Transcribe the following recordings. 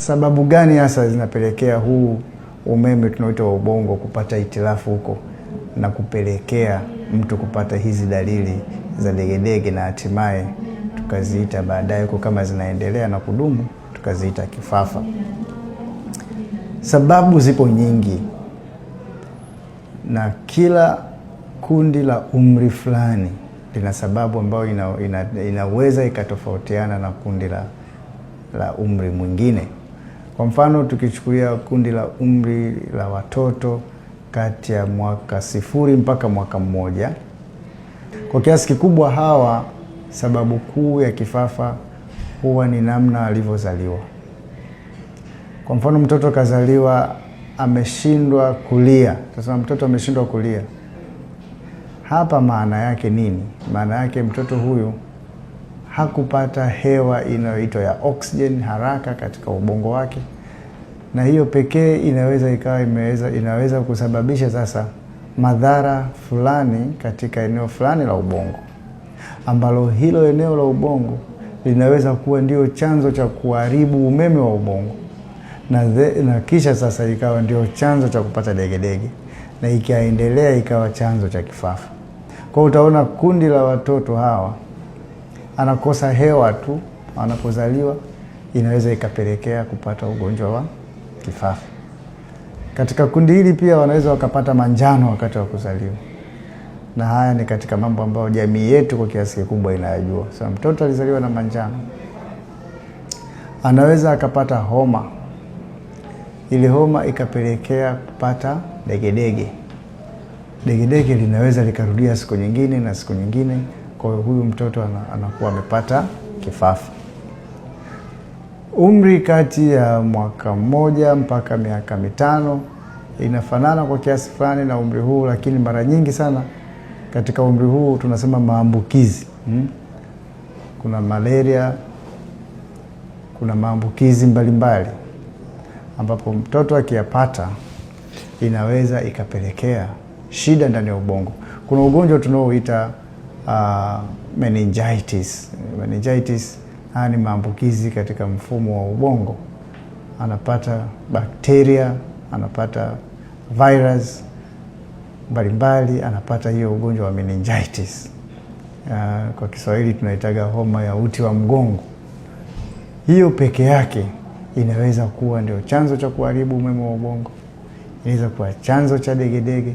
Sababu gani hasa zinapelekea huu umeme tunaoita wa ubongo kupata hitilafu huko na kupelekea mtu kupata hizi dalili za degedege na hatimaye tukaziita baadaye huko kama zinaendelea na kudumu tukaziita kifafa? Sababu zipo nyingi, na kila kundi la umri fulani lina sababu ambayo ina, ina, inaweza ikatofautiana na kundi la, la umri mwingine. Kwa mfano tukichukulia kundi la umri la watoto kati ya mwaka sifuri mpaka mwaka mmoja, kwa kiasi kikubwa hawa sababu kuu ya kifafa huwa ni namna alivyozaliwa. Kwa mfano mtoto kazaliwa ameshindwa kulia, tasema mtoto ameshindwa kulia. Hapa maana yake nini? Maana yake mtoto huyu hakupata hewa inayoitwa ya oxygen haraka katika ubongo wake, na hiyo pekee inaweza ikawa imeweza inaweza kusababisha sasa madhara fulani katika eneo fulani la ubongo, ambalo hilo eneo la ubongo linaweza kuwa ndio chanzo cha kuharibu umeme wa ubongo na, the, na kisha sasa ikawa ndio chanzo cha kupata degedege na ikaendelea ikawa chanzo cha kifafa. Kwa utaona kundi la watoto hawa anakosa hewa tu anapozaliwa inaweza ikapelekea kupata ugonjwa wa kifafa. Katika kundi hili pia wanaweza wakapata manjano wakati wa kuzaliwa, na haya ni katika mambo ambayo jamii yetu kwa kiasi kikubwa inayajua. So, mtoto alizaliwa na manjano, anaweza akapata homa, ili homa ikapelekea kupata degedege. Degedege linaweza likarudia siku nyingine na siku nyingine. Kwa hiyo huyu mtoto anakuwa amepata kifafa. Umri kati ya mwaka mmoja mpaka miaka mitano inafanana kwa kiasi fulani na umri huu, lakini mara nyingi sana katika umri huu tunasema maambukizi hmm. Kuna malaria, kuna maambukizi mbalimbali ambapo mtoto akiyapata inaweza ikapelekea shida ndani ya ubongo. Kuna ugonjwa tunaoita Ah, meningitis. Meningitis haya ni maambukizi katika mfumo wa ubongo, anapata bakteria, anapata virus mbalimbali, anapata hiyo ugonjwa wa meningitis. Uh, kwa Kiswahili tunaitaga homa ya uti wa mgongo. Hiyo peke yake inaweza kuwa ndio chanzo cha kuharibu umeme wa ubongo, inaweza kuwa chanzo cha degedege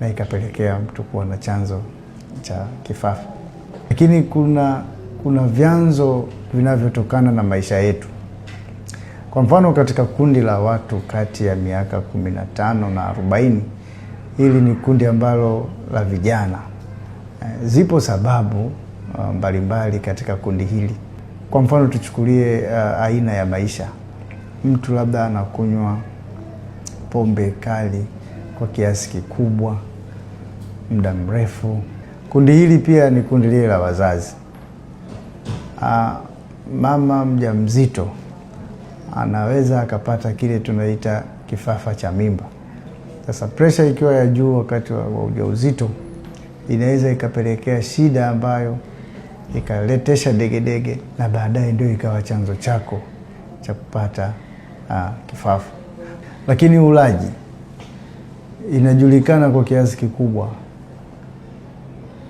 na ikapelekea mtu kuwa na chanzo cha kifafa, lakini kuna, kuna vyanzo vinavyotokana na maisha yetu. Kwa mfano, katika kundi la watu kati ya miaka 15 na 40, hili ni kundi ambalo la vijana. Eh, zipo sababu eh, mbalimbali mbali katika kundi hili. Kwa mfano, tuchukulie uh, aina ya maisha. Mtu labda anakunywa pombe kali kwa kiasi kikubwa muda mrefu Kundi hili pia ni kundi lile la wazazi. Aa, ah, mama mjamzito anaweza akapata kile tunaita kifafa cha mimba. Sasa presha ikiwa ya juu wakati wa ujauzito inaweza ikapelekea shida ambayo ikaletesha degedege na baadaye ndio ikawa chanzo chako cha kupata aa, ah, kifafa. Lakini ulaji inajulikana kwa kiasi kikubwa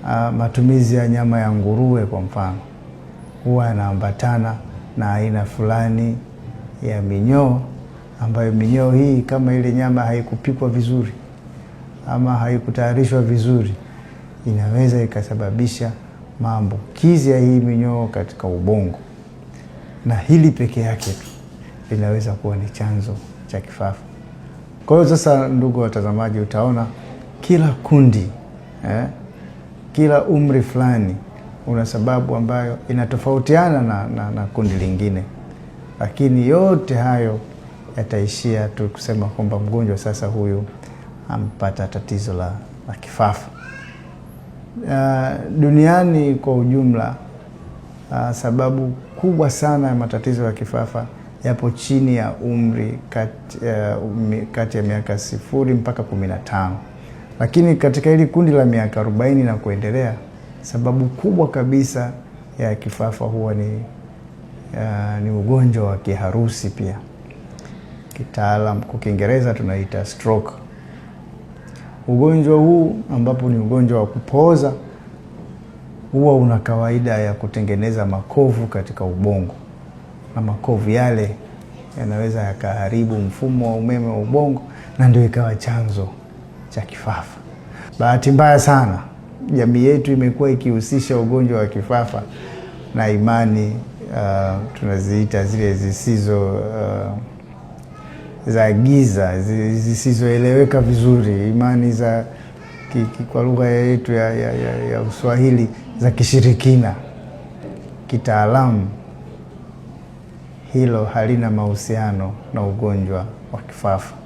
uh, matumizi ya nyama ya nguruwe kwa mfano huwa yanaambatana na aina fulani ya minyoo, ambayo minyoo hii kama ile nyama haikupikwa vizuri ama haikutayarishwa vizuri, inaweza ikasababisha maambukizi ya hii minyoo katika ubongo, na hili peke yake tu linaweza kuwa ni chanzo cha kifafa. Kwa hiyo sasa, ndugu watazamaji, utaona kila kundi eh, kila umri fulani una sababu ambayo inatofautiana na, na, na kundi lingine, lakini yote hayo yataishia tu kusema kwamba mgonjwa sasa huyu ampata tatizo la, la kifafa. Uh, duniani kwa ujumla uh, sababu kubwa sana ya matatizo ya kifafa yapo chini ya umri kati, uh, kati ya miaka sifuri mpaka kumi na tano. Lakini katika hili kundi la miaka arobaini na kuendelea, sababu kubwa kabisa ya kifafa huwa ni, ya, ni ugonjwa wa kiharusi pia kitaalam kwa Kiingereza tunaita stroke. Ugonjwa huu ambapo ni ugonjwa wa kupooza huwa una kawaida ya kutengeneza makovu katika ubongo, na makovu yale yanaweza yakaharibu mfumo wa umeme wa ubongo, na ndio ikawa chanzo cha kifafa. Bahati mbaya sana, jamii yetu imekuwa ikihusisha ugonjwa wa kifafa na imani uh, tunaziita zile zisizo uh, za giza zisizoeleweka vizuri, imani za ki, ki, kwa lugha yetu ya, ya, ya, ya Uswahili za kishirikina. Kitaalamu hilo halina mahusiano na ugonjwa wa kifafa.